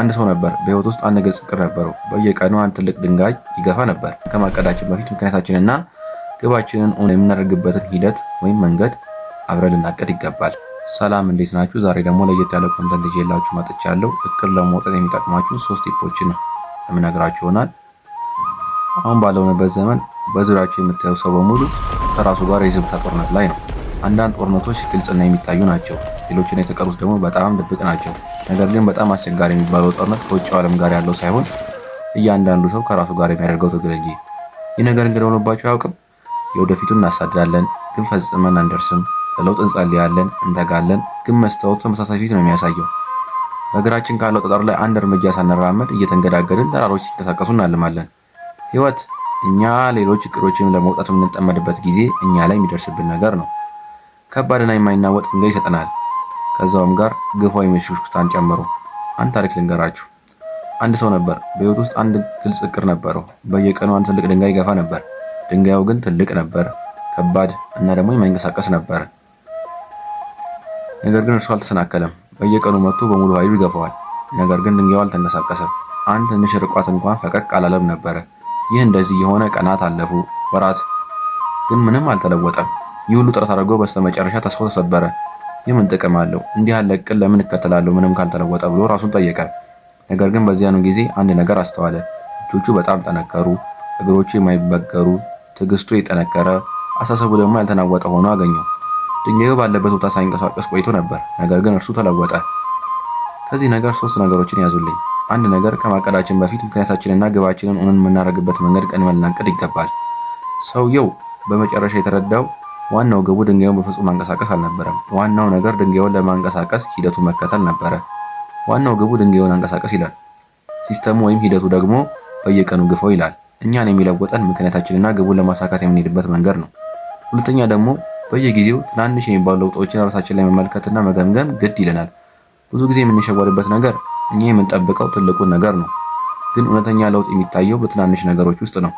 አንድ ሰው ነበር። በህይወት ውስጥ አንድ ግልጽ ቅር ነበረው። በየቀኑ አንድ ትልቅ ድንጋይ ይገፋ ነበር። ከማቀዳችን በፊት ምክንያታችንና ግባችንን የምናደርግበትን ሂደት ወይም መንገድ አብረን ልናቀድ ይገባል። ሰላም እንዴት ናችሁ? ዛሬ ደግሞ ለየት ያለ ኮንተንት ይዤላችሁ መጥቻለሁ። እቅድ ለመውጣት የሚጠቅማችሁ ሶስት ቲፖችን የምነግራችሁ ይሆናል። አሁን ባለሆነበት ዘመን በዙሪያቸው የምታየው ሰው በሙሉ ከራሱ ጋር የዝምታ ጦርነት ላይ ነው። አንዳንድ ጦርነቶች ግልጽና የሚታዩ ናቸው፣ ሌሎችና የተቀሩት ደግሞ በጣም ድብቅ ናቸው። ነገር ግን በጣም አስቸጋሪ የሚባለው ጦርነት ከውጭው ዓለም ጋር ያለው ሳይሆን እያንዳንዱ ሰው ከራሱ ጋር የሚያደርገው ትግል እንጂ። ይህ ነገር እንግዳ አያውቅም። የወደፊቱን እናሳድዳለን፣ ግን ፈጽመን አንደርስም። ለለውጥ እንጸልያለን፣ እንተጋለን፣ ግን መስታወቱ ተመሳሳይ ፊት ነው የሚያሳየው። በእግራችን ካለው ጠጠር ላይ አንድ እርምጃ ሳንራመድ እየተንገዳገድን ተራሮች ሲንቀሳቀሱ እናልማለን። ህይወት እኛ ሌሎች እቅዶችን ለመውጣት የምንጠመድበት ጊዜ እኛ ላይ የሚደርስብን ነገር ነው። ከባድና የማይናወጥ ድንጋይ ይሰጠናል። ከዛውም ጋር ግፏ የሚሽኩታን ጨምሮ አንድ ታሪክ ልንገራችሁ። አንድ ሰው ነበር። በህይወት ውስጥ አንድ ግልጽ እቅድ ነበረው። በየቀኑ አንድ ትልቅ ድንጋይ ይገፋ ነበር። ድንጋዩ ግን ትልቅ ነበር፣ ከባድ እና ደግሞ የማይንቀሳቀስ ነበር። ነገር ግን እርሱ አልተሰናከለም። በየቀኑ መጥቶ በሙሉ ኃይሉ ይገፋዋል። ነገር ግን ድንጋዩ አልተንቀሳቀሰም። አንድ ትንሽ ርቋት እንኳን ፈቀቅ አላለም ነበረ። ይህ እንደዚህ የሆነ ቀናት አለፉ፣ ወራት፣ ግን ምንም አልተለወጠም። ይህ ሁሉ ጥረት አድርጎ በስተመጨረሻ ተስፋው ተሰበረ። ይህ ምን ጥቅም አለው? እንዲህ ያለ እቅድ ለምን እከተላለሁ? ምንም ካልተለወጠ ብሎ ራሱን ጠየቀ። ነገር ግን በዚያኑ ጊዜ አንድ ነገር አስተዋለ። እጆቹ በጣም ጠነከሩ፣ እግሮቹ የማይበገሩ፣ ትዕግስቱ የጠነከረ፣ አሳሰቡ ደግሞ ያልተናወጠ ሆኖ አገኘው። ድንጋዩ ባለበት ቦታ ሳይንቀሳቀስ ቆይቶ ነበር፣ ነገር ግን እርሱ ተለወጠ። ከዚህ ነገር ሶስት ነገሮችን ያዙልኝ። አንድ ነገር ከማቀዳችን በፊት ምክንያታችንና ግባችንን እውን የምናደርግበት መንገድ ቀድመን ልናቅድ ይገባል። ሰውየው በመጨረሻ የተረዳው ዋናው ግቡ ድንጋዩን በፍጹም ማንቀሳቀስ አልነበረም። ዋናው ነገር ድንጋዩን ለማንቀሳቀስ ሂደቱ መከተል ነበረ። ዋናው ግቡ ድንጋዩን አንቀሳቀስ ይላል። ሲስተሙ ወይም ሂደቱ ደግሞ በየቀኑ ግፈው ይላል። እኛን የሚለወጠን ምክንያታችንና ግቡን ለማሳካት የምንሄድበት መንገድ ነው። ሁለተኛ ደግሞ በየጊዜው ትናንሽ የሚባሉ ለውጦችን ራሳችን ላይ መመልከትና መገምገም ግድ ይለናል። ብዙ ጊዜ የምንሸወድበት ነገር እኛ የምንጠብቀው ትልቁን ነገር ነው። ግን እውነተኛ ለውጥ የሚታየው በትናንሽ ነገሮች ውስጥ ነው።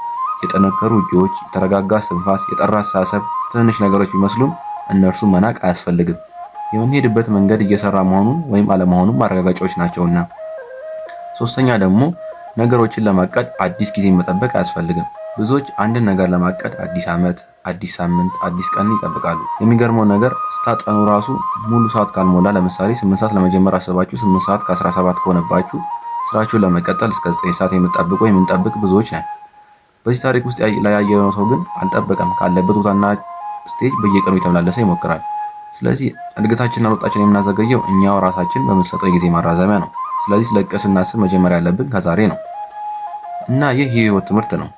የጠነከሩ እጆች፣ የተረጋጋ እስትንፋስ፣ የጠራ አስተሳሰብ ትንንሽ ነገሮች ቢመስሉም እነርሱ መናቅ አያስፈልግም። የምንሄድበት መንገድ እየሰራ መሆኑን ወይም አለመሆኑን ማረጋገጫዎች ናቸውና። ሶስተኛ ደግሞ ነገሮችን ለማቀድ አዲስ ጊዜ መጠበቅ አያስፈልግም። ብዙዎች አንድን ነገር ለማቀድ አዲስ ዓመት፣ አዲስ ሳምንት፣ አዲስ ቀን ይጠብቃሉ። የሚገርመው ነገር ስታጠኑ ራሱ ሙሉ ሰዓት ካልሞላ ለምሳሌ 8 ሰዓት ለመጀመር አስባችሁ 8 ሰዓት ከ17 ከሆነባችሁ ስራችሁን ለመቀጠል እስከ 9 ሰዓት የምጠብቅ ወይም የምንጠብቅ ብዙዎች ነን። በዚህ ታሪክ ውስጥ ያየነው ሰው ግን አልጠበቀም። ካለበት ቦታና ስቴጅ በየቀኑ የተመላለሰ ይሞክራል። ስለዚህ እድገታችንና ለውጣችን የምናዘገየው እኛው ራሳችን በምንሰጠው የጊዜ ማራዘሚያ ነው። ስለዚህ ስለ እቅድ ስናስብ መጀመሪያ ያለብን ከዛሬ ነው እና ይህ የህይወት ትምህርት ነው።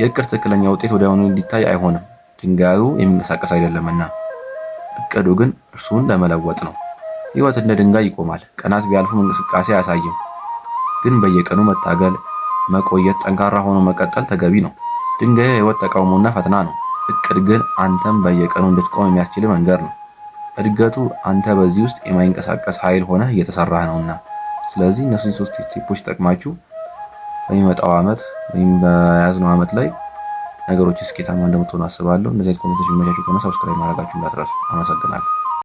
የእቅድ ትክክለኛ ውጤት ወዲያውኑ እንዲታይ አይሆንም፣ ድንጋዩ የሚንቀሳቀስ አይደለምና። እቅዱ ግን እርሱን ለመለወጥ ነው። ህይወት እንደ ድንጋይ ይቆማል። ቀናት ቢያልፉም እንቅስቃሴ አያሳይም። ግን በየቀኑ መታገል መቆየት፣ ጠንካራ ሆኖ መቀጠል ተገቢ ነው። ድንጋይ የህይወት ተቃውሞና ፈተና ነው። እቅድ ግን አንተም በየቀኑ እንድትቆም የሚያስችል መንገድ ነው። እድገቱ አንተ በዚህ ውስጥ የማይንቀሳቀስ ኃይል ሆነ እየተሰራህ ነውና። ስለዚህ እነሱን ሶስት ቲፖች ጠቅማችሁ በሚመጣው ዓመት ወይም በያዝነው ዓመት ላይ ነገሮች ስኬታማ እንደምትሆኑ አስባለሁ። እነዚህ አይነት ኮሜንቶች የሚመቻችሁ ከሆነ ሰብስክራይብ ማድረጋችሁ እንዳትረሱ። አመሰግናለሁ።